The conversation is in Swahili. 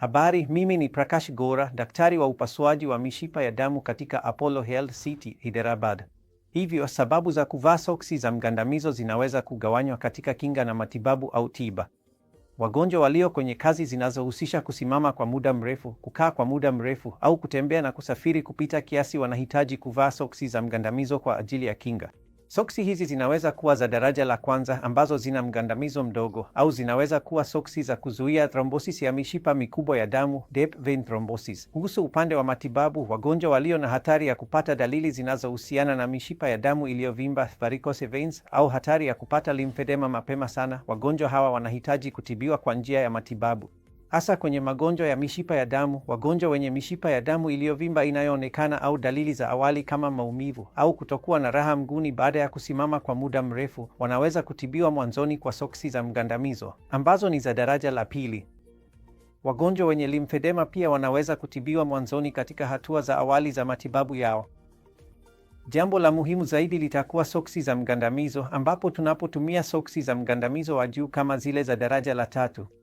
Habari, mimi ni Prakash Gora, daktari wa upasuaji wa mishipa ya damu katika Apollo Health City Hyderabad. Hivyo sababu za kuvaa soksi za mgandamizo zinaweza kugawanywa katika kinga na matibabu au tiba. Wagonjwa walio kwenye kazi zinazohusisha kusimama kwa muda mrefu, kukaa kwa muda mrefu au kutembea na kusafiri kupita kiasi wanahitaji kuvaa soksi za mgandamizo kwa ajili ya kinga. Soksi hizi zinaweza kuwa za daraja la kwanza ambazo zina mgandamizo mdogo au zinaweza kuwa soksi za kuzuia thrombosis ya mishipa mikubwa ya damu, deep vein thrombosis. Kuhusu upande wa matibabu, wagonjwa walio na hatari ya kupata dalili zinazohusiana na mishipa ya damu iliyovimba, varicose veins, au hatari ya kupata limfedema mapema sana, wagonjwa hawa wanahitaji kutibiwa kwa njia ya matibabu hasa kwenye magonjwa ya mishipa ya damu. Wagonjwa wenye mishipa ya damu iliyovimba inayoonekana au dalili za awali kama maumivu au kutokuwa na raha mguni baada ya kusimama kwa muda mrefu wanaweza kutibiwa mwanzoni kwa soksi za mgandamizo ambazo ni za daraja la pili. Wagonjwa wenye limfedema pia wanaweza kutibiwa mwanzoni katika hatua za awali za matibabu yao. Jambo la muhimu zaidi litakuwa soksi za mgandamizo, ambapo tunapotumia soksi za mgandamizo wa juu kama zile za daraja la tatu